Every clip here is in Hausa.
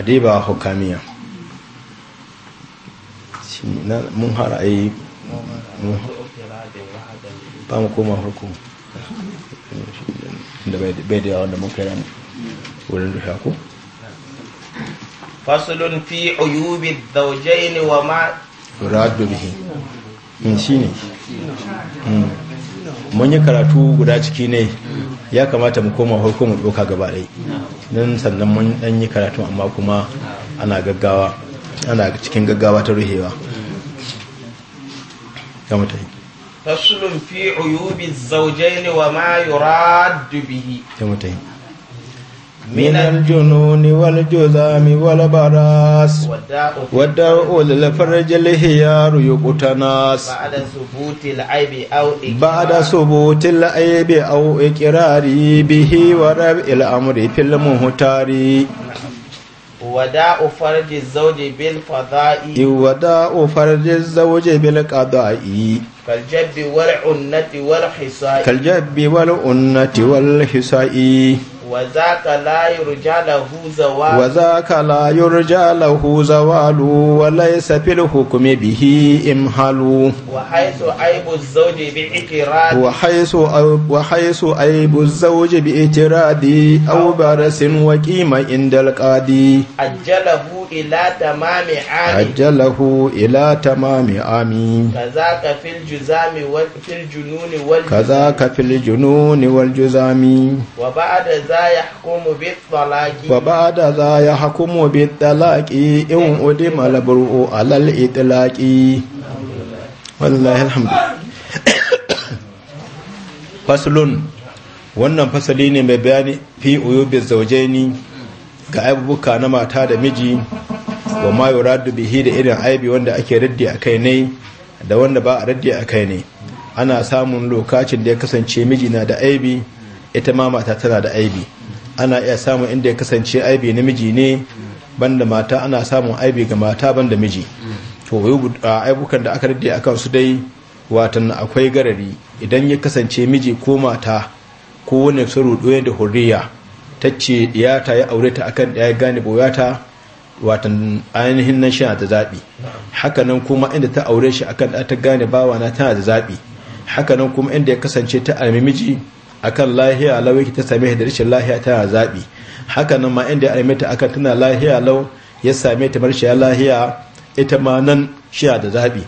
adiba hukamiya mun har a yi ba mu koma hukum da bai da yawon da mun kai ranar wurin rusha ko fasulun fi uyubi daujai ne wa ma yuradu bihi mm, shi ne mm. mun yi karatu guda ciki ne ya kamata mu koma farko mu ɗauka gaba ɗai don sannan mun dan yi karatu amma kuma ana gaggawa ana cikin gaggawa ta ruhewa ga mutane fasulun fi uyubi zaujaini wa ma yurad bihi ga mutane من الجنون والجذام والبراس والداء للفرج الهيار يقتناس بعد ثبوت العيب أو إقراري به ورب الأمر في المهتار وداء فرج الزوج بالفضاء وداء فرج الزوج بالقضاء كالجب والعنة والحصاء كالجب والعنة والحصاء وذاك لا يرجى له زوال وذاك لا يرجى له زوال وليس في الحكم به إمهال وحيث عيب الزوج باعتراض وحيث وحيث عيب الزوج باعتراض أو برس وقيمة عند القاضي أجله إلى تمام عام أجله إلى تمام عام كذاك في الجزام وفي الجنون والجزام كذاك في الجنون والجزام وبعد ذلك ذا يحكم بالطلاق وبعد ذا يحكم بالطلاق إن أدم البرء على الإطلاق والله الحمد فصل wannan fasali ne mai bayani fi uyubi zaujaini ga aibubuka na mata da miji wa ma yuradu bihi da irin aibi wanda ake raddi a kai ne da wanda ba a raddi a kai ne ana samun lokacin da ya kasance miji na da aibi ita ma mata tana da aibi ana iya samun inda ya kasance aibi namiji ne banda mata ana samun aibi ga mata banda miji to aibukan da aka rade akan su dai watan akwai garari idan ya kasance miji ko mata ko wani su doya da hurriya ta ce ɗiyata ya aure ta akan ɗaya gane boyata watan ainihin nan shi da zaɓi hakanan kuma inda ta aure shi akan ta gane bawana tana da zaɓi hakanan kuma inda ya kasance ta almi miji akan lahiya lau yake ta same da rashin lahiya tana zaɓi haka nan ma inda ya arme ta akan tana lahiya lau ya same ta marshiya lahiya ita ma nan shiya da zaɓi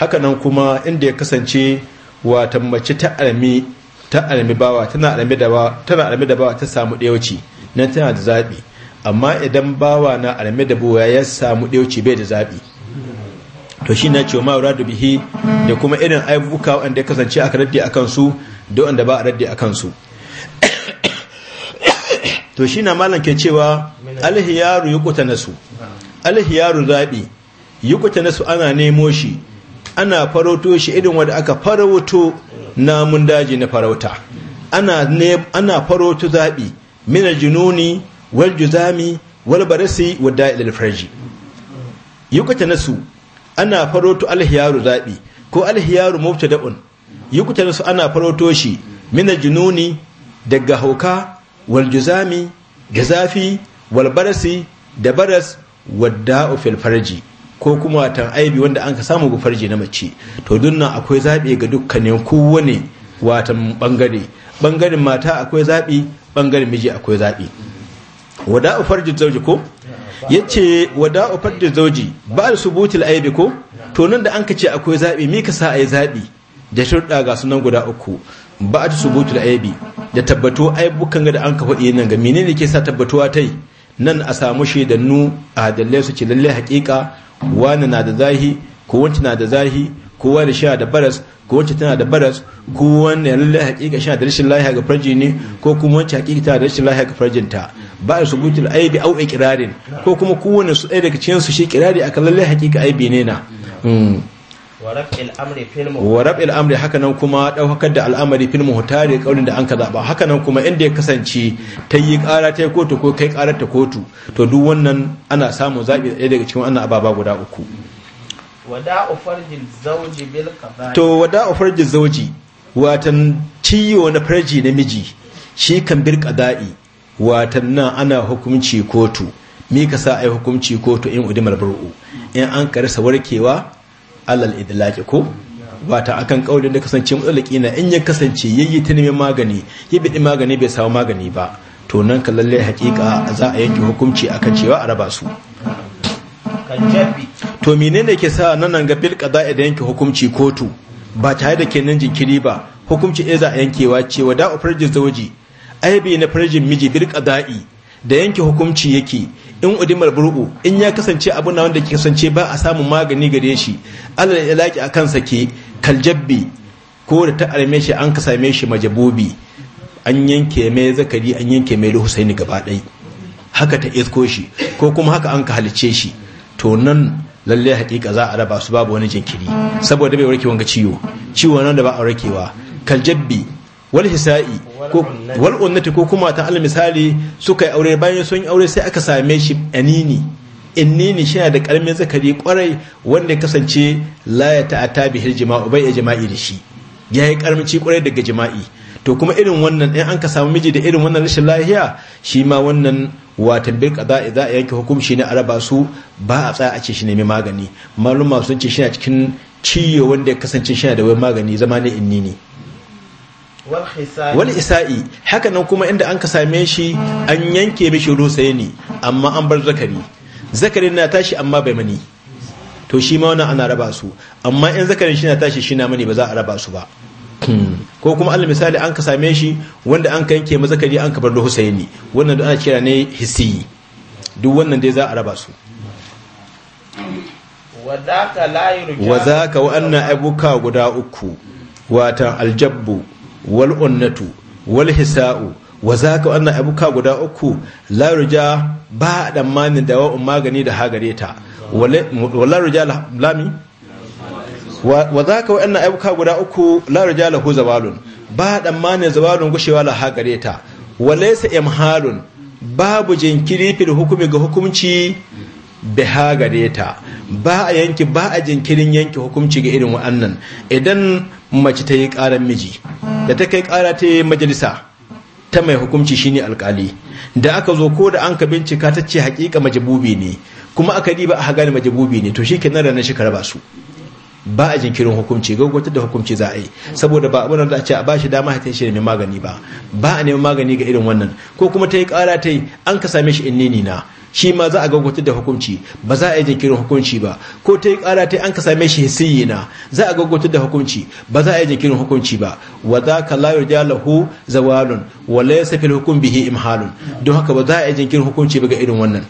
haka nan kuma inda ya kasance wata mace ta armi ta armi bawa tana armi da bawa tana da bawa ta samu ɗayauci nan tana da zaɓi amma idan bawa na armi da bawa ya samu ɗayauci bai da zaɓi to shi na cewa ma'aura da bihi da kuma irin aibuka wanda ya kasance aka raddi akan su duk wanda ba a raddi a kansu to shi na malam cewa alhiyaru yi kuta nasu alhiyaru zaɓi yi kuta nasu ana nemo shi ana farauto shi irin wanda aka farauto namun daji na farauta ana farauto zaɓi mina jinuni wal juzami wal barasi wa da'il farji yi kuta nasu ana farauto alhiyaru zaɓi ko alhiyaru mubtada'un yukutar su ana faroto shi mina jinuni, daga hauka wal juzami da zafi wal barasi da baras wadda ofil farji ko kuma watan aibi wanda an ka samu ga farji na mace to dunnan akwai zaɓi ga dukkanin kowane watan bangare bangaren mata akwai zaɓi bangaren miji akwai zaɓi wada farji zauji ko yace wada farji zauji ba al subutil aibi ko to nan da an ka ce akwai zaɓi mi ka sa ai zaɓi da shirɗa ga sunan guda uku ba a ci subutul aibi da tabbato aibukan ga da an ka faɗi nan ga menene ke sa tabbatuwa ta yi nan a samu shaidannu a hadallai su ce lallai haƙiƙa wani na da zahi ko wanci na da zahi ko wani sha da baras ko wanci tana da baras ko wani lallai haƙiƙa sha da rashin lahiya ga farji ne ko kuma wanci haƙiƙa tana da rashin lahiya ga farjinta ba a subutul aibi au ikirarin ko kuma kowane su ɗaya daga cikin su shi kirari akan lallai haƙiƙa aibi ne na hmm. wa rab'il amri haka nan kuma daukar da al'amari fil muhtari kaulin da an ka zaba haka nan kuma inda ya kasance ta yi ƙara ta kotu ko kai ƙarar ta kotu to duk wannan ana samun zabi ɗaya daga cikin wannan ababa guda uku wada'u farjil zawji bil qada'i to a ufarjin zauji watan ciyo na farji namiji shi kan bil qada'i watan nan ana hukunci kotu mika sa ai hukunci kotu in udimar bar'u in an karsa warkewa alal idlaki ko ta akan kaurin da kasance matsalaki na in ya kasance yayi ta neman magani ya bidi magani bai samu magani ba to nan ka lalle hakika za a yanke hukunci akan cewa a raba su to menene ke sa nan ga bil qada da yanke hukunci kotu ba tare da kenan jinkiri ba hukunci ɗaya za a yankewa cewa da farjin zawaji bi na farjin miji bil qada'i da yanke hukunci yake in udimar bur'u in ya kasance abu na wanda ke kasance ba a samun magani gare shi Allah ya laƙi a kansa ke kaljabbi ko da ta arme shi an ka same shi majabobi an yanke mai zakari an yanke mai husaini gaba ɗai haka ta isko shi ko kuma haka an ka halice shi to nan lalle hakika za a raba su babu wani jinkiri saboda bai warke ga ciwo ciwo nan da ba a warkewa kaljabbi wal hisa'i ko wal ko kuma ta al misali suka yi aure bayan sun yi aure sai aka same shi anini innini shi da karmin zakari kwarai wanda ya kasance la ya ta'ata bihil jima'u bai da shi yayi karamci kwarai daga jima'i to kuma irin wannan in an ka samu miji da irin wannan rashin lahiya shi ma wannan watan bil za idza yanke hukumshi ne araba su ba a tsaya a ce shi nemi magani maluma sun ce shi cikin ciyo wanda ya kasance shi da wai magani zama ne inni wal isa'i haka nan kuma inda an ka same shi an yanke mishi ne amma an bar zakari Zakari na tashi amma bai mani to shi ma wannan ana raba su amma in zakarin shi na tashi shi na mani ba za a raba su ba ko kuma allah misali an ka same shi wanda an ka yanke zakari an ka bar ne wannan ana kira ne hisi duk wannan dai za a raba su wa za wa anna abuka guda uku watan aljabbu wal onnatu wal hisa'u wa za ka wannan abuka guda uku laruja ba a damani da dawa magani da hagare ta wa laruja lami wa za ka wannan abuka guda uku la ruja lahu zabalun ba damanin zabalun gushewa la hagare ta wa walaysa imhalun babu jinkiri fil hukumi ga hukunci biha gare ta ba a yanki ba a jinkirin yanki hukumci ga irin wa'annan idan mace ta yi ƙarar miji da ta kai ƙara ta yi majalisa ta mai hukunci shine alkali da aka zo ko da an ka bincika ta ce hakika majabubi ne kuma aka diba a hagani majabubi ne to shi kenan da shi ka raba su ba a jinkirin hukunci gaggautar da hukunci za a yi saboda ba abin da a ce a ba dama ta shi neman magani ba ba a neman magani ga irin wannan ko kuma ta yi kara ta yi an ka same shi in nini na shi ma za a gaggautar da hukunci ba za a yi jinkirin hukunci ba ko ta yi kara ta an ka same shi hisiyi na za a gaggautar da hukunci ba za a yi jinkirin hukunci ba wa za ka layo da lahu zawalun wa laysa fil hukum bihi imhalun don haka ba za a yi jinkirin hukunci ba ga irin wannan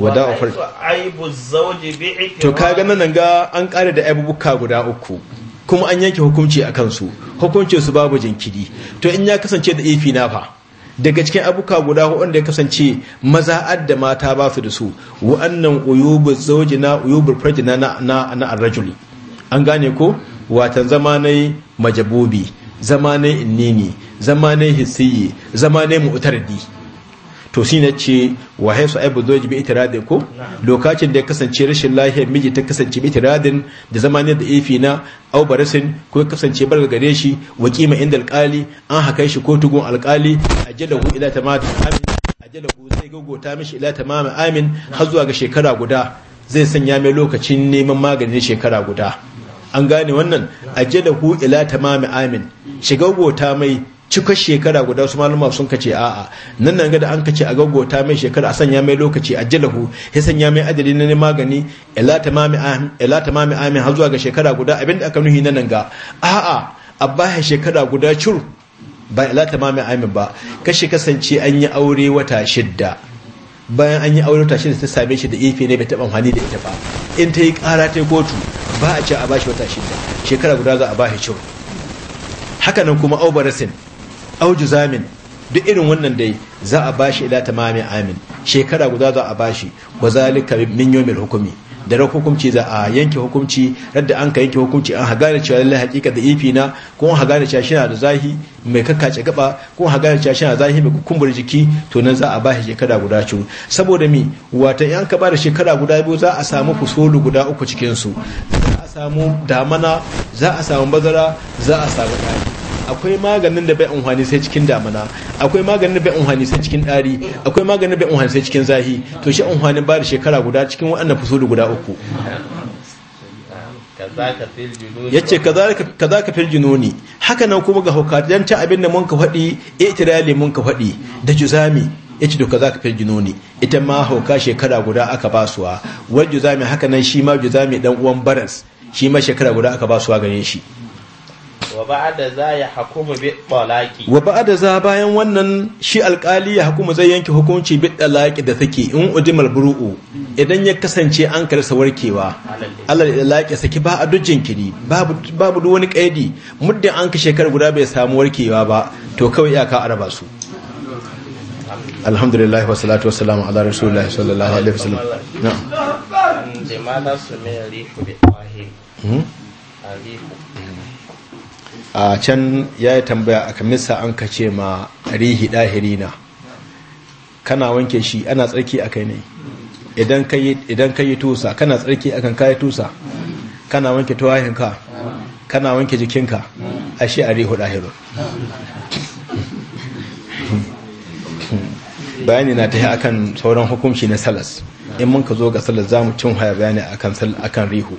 wada ofar to kaga nan ga an ƙare da abubuwa guda uku kuma an yanke hukunci a kansu hukuncin su babu jinkiri to in ya kasance da ifi na fa daga cikin abuka guda wanda ya kasance maza da mata ba su da su wa'annan zawji na uyubul farji na na na arrajuli an gane ko watan zamanai majabobi zamanai innini zamanai zama zamanai mu'tardi to shine ce wa haisu aibu zoji bi itiradin ko lokacin da ya kasance rashin lahiyar miji ta kasance bi itiradin da zama ne da ifi na au barasin ko ya kasance bar gare shi wa kima inda alkali an haka shi ko tugun alkali ajalahu ila tamam amin ajalahu zai gogota mishi ila tamam amin har zuwa ga shekara guda zai sanya mai lokacin neman maganin shekara guda an gane wannan ajalahu ila tamam amin shiga gogota mai cikar shekara guda su malama sun kace a'a nan nan ga da an kace a gaggota mai shekara a sanya mai lokaci a jalahu ya sanya mai adadi na magani ila ta mami ami har zuwa ga shekara guda abinda aka nuhi nan ga a'a a baya shekara guda cur ba ila mami ami ba kashi kasance an yi aure wata shidda bayan an yi aure wata shidda ta same shi da ife ne bai taɓa amfani da ita ba in ta yi ƙara ta kotu ba a ce a bashi wata shidda shekara guda za a bashi cur haka nan kuma aubarasin au zamin duk irin wannan dai za a bashi ila tamami amin shekara guda za a bashi wa zalika min yawmil hukumi da ra hukumci za a yanke hukumci radda an ka yanke hukumci an hagana cewa lallai hakika da ifi na ko an hagana cewa shi na da zahi mai kakkace gaba ko an hagana cewa shi na zahi mai kumbur jiki to nan za a ba shi shekara guda ci saboda mi wata in ka ba shekara guda biyu za a samu kusolu guda uku cikin su za a samu damana za a samu bazara za a samu ɗaya akwai maganin da bai amfani sai cikin damuna akwai maganin da bai amfani sai cikin dari akwai maganin da bai amfani sai cikin zahi to shi amfanin ba da shekara guda cikin waɗannan fusulu guda uku yace za ka fil jinoni haka nan kuma ga don ta abin da mun ka faɗi itirali mun ka faɗi da juzami doka za ka fil jinoni ita ma hauka shekara guda aka basuwa wal juzami haka nan shi ma juzami dan uwan baras shi ma shekara guda aka basuwa gare shi wa ba'da za bayan wannan shi alkali ya hukumu zai yanke hukunci bi talaqi da saki in udimal buru'u idan ya kasance an karsa warkewa da talaqi saki ba a dujin kiri babu babu wani kaidi muddin an ka shekara guda bai samu warkewa ba to kawai iyaka araba su alhamdulillah wa salatu wa salamu ala rasulullah sallallahu alaihi wasallam na'am jamala sumay rihu bi tahim hmm? rihu a can ya yi tambaya a kamisa an ka ce ma rihi ɗahiri na kana wanke shi ana tsarki a kai ne idan ka yi tusa kana tsarki a kan kayi tusa kana wanke tuwahinka kana wanke jikinka a shi a rihu ɗahiru bayani na ta yi akan sauran hukunci na salas in mun ka zo ga salas za mu cin haya bayani akan rihu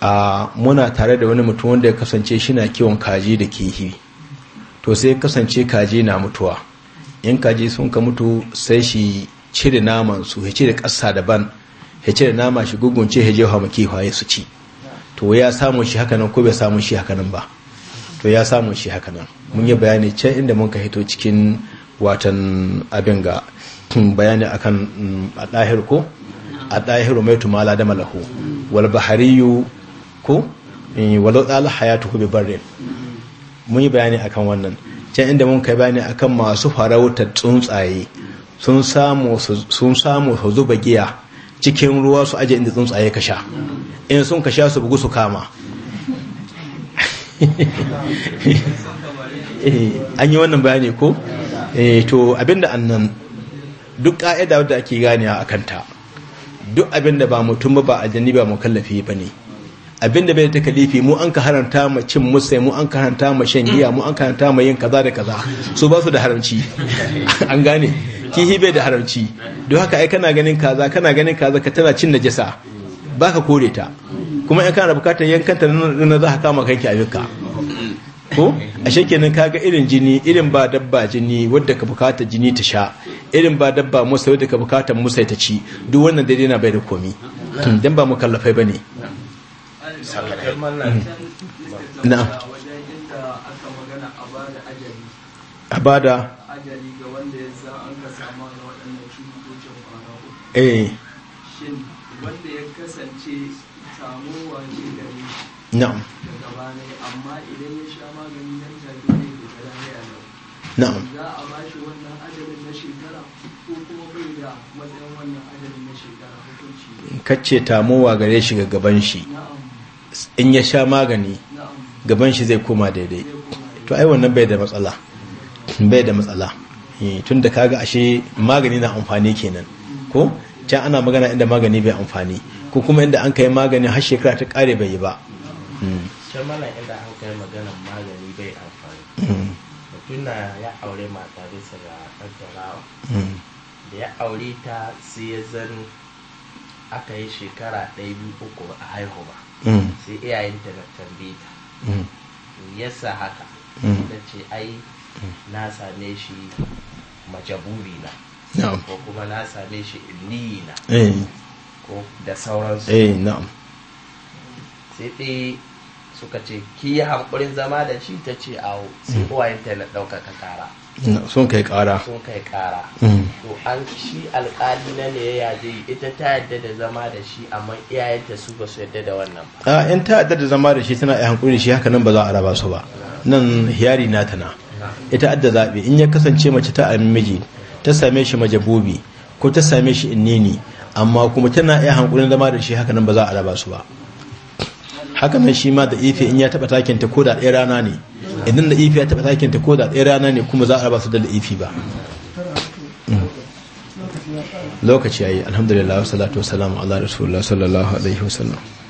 a muna tare da wani mutum wanda ya kasance shi na kiwon kaji da kihi to sai kasance kaji na mutuwa in kaji sun ka mutu sai shi cire naman su ya cire ƙasa daban ya cire nama shi gugunce ya jefa mu kihaye su ci to ya samu shi hakanan ko bai samu shi hakanan ba to ya samu shi hakanan mun yi bayani can inda mun ka hito cikin watan abin ga bayani akan mm, a ɗahir ko mai الطاهر ميت ما لا دم ko والبحري كو hayatu ku bi barin mun yi bayani akan wannan can inda mun kai bayani akan masu farautar tsuntsaye sun samu su zuba giya cikin ruwa su aje inda tsuntsaye ka sha in sun ka sha su bugu su kama an yi wannan bayani ko to abinda annan duk ka'ida wadda ake gani a kanta duk abin da ba mutum ba ba aljanni ba mu kallafi ba ne abin da bai ta kalifi mu an ka haranta ma cin musai mu an ka haranta ma shan giya mu an ka haranta ma yin kaza da kaza so ba su da haramci an gane kihi bai da haramci don haka ai kana ganin kaza kana ganin kaza ka tana cin najasa baka kore ta kuma in kana bukatar yankanta na za ka kama kanki a bika ko a shekenan kaga irin jini irin ba dabba jini wadda ka bukata jini ta sha irin ba dabba musa yau daga bukatan musa ta ci duk wannan daidai na bai da komi hmm, don ba mu kallafai ba ne a ba eh na'am ya na'am daga bane amma idan ya sha maganin nan na'am za a kacce tamowa gare shi ga gaban shi in ya sha magani gaban shi zai koma daidai to ai wannan bai da matsala bai da matsala eh, tun da kaga ashe magani na amfani kenan ko can ana magana inda magani bai amfani ko kuma inda an kai magani har shekara ta kare bai yi ba can mana inda an kai magana magani bai amfani mm. tuna ya aure mata bisa ga kaddarawa hmm. da ya aure ta sai ya zan aka yi shekara ɗaya biyu uku a haihu ba hmm. sai iyayenta na tambaye ta hmm. yasa haka ta ce ai na same shi majaburi na ko kuma na same shi illiyi na eh. ko da sauransu eh, sai dai suka ce ki yi hankulin zama da shi ta ce awo sai mm. uwayenta na ɗaukaka kara sun kai kara sun kai kara mm. to an shi alkali na ne ya je ita ta yadda da zama da shi amma iyayenta su ba su yadda da wannan ba a ah, in ta yadda da zama da shi tana yi hankuri shi haka nan ba za a raba su ba nan hiyari na tana ita adda zaɓe in ya kasance mace ta a miji ta same shi majabobi ko ta same shi innini amma kuma tana iya hankulin zama da shi haka nan ba za a raba su ba haka nan shi ma da ife in ya taba takin ta koda ɗaya rana ne idan da ife ya taba takin ta koda ɗaya rana ne kuma za a raba su da ife ba mm. lokaci yayi alhamdulillah wa salatu wa salamu ala rasulullah sallallahu alaihi wasallam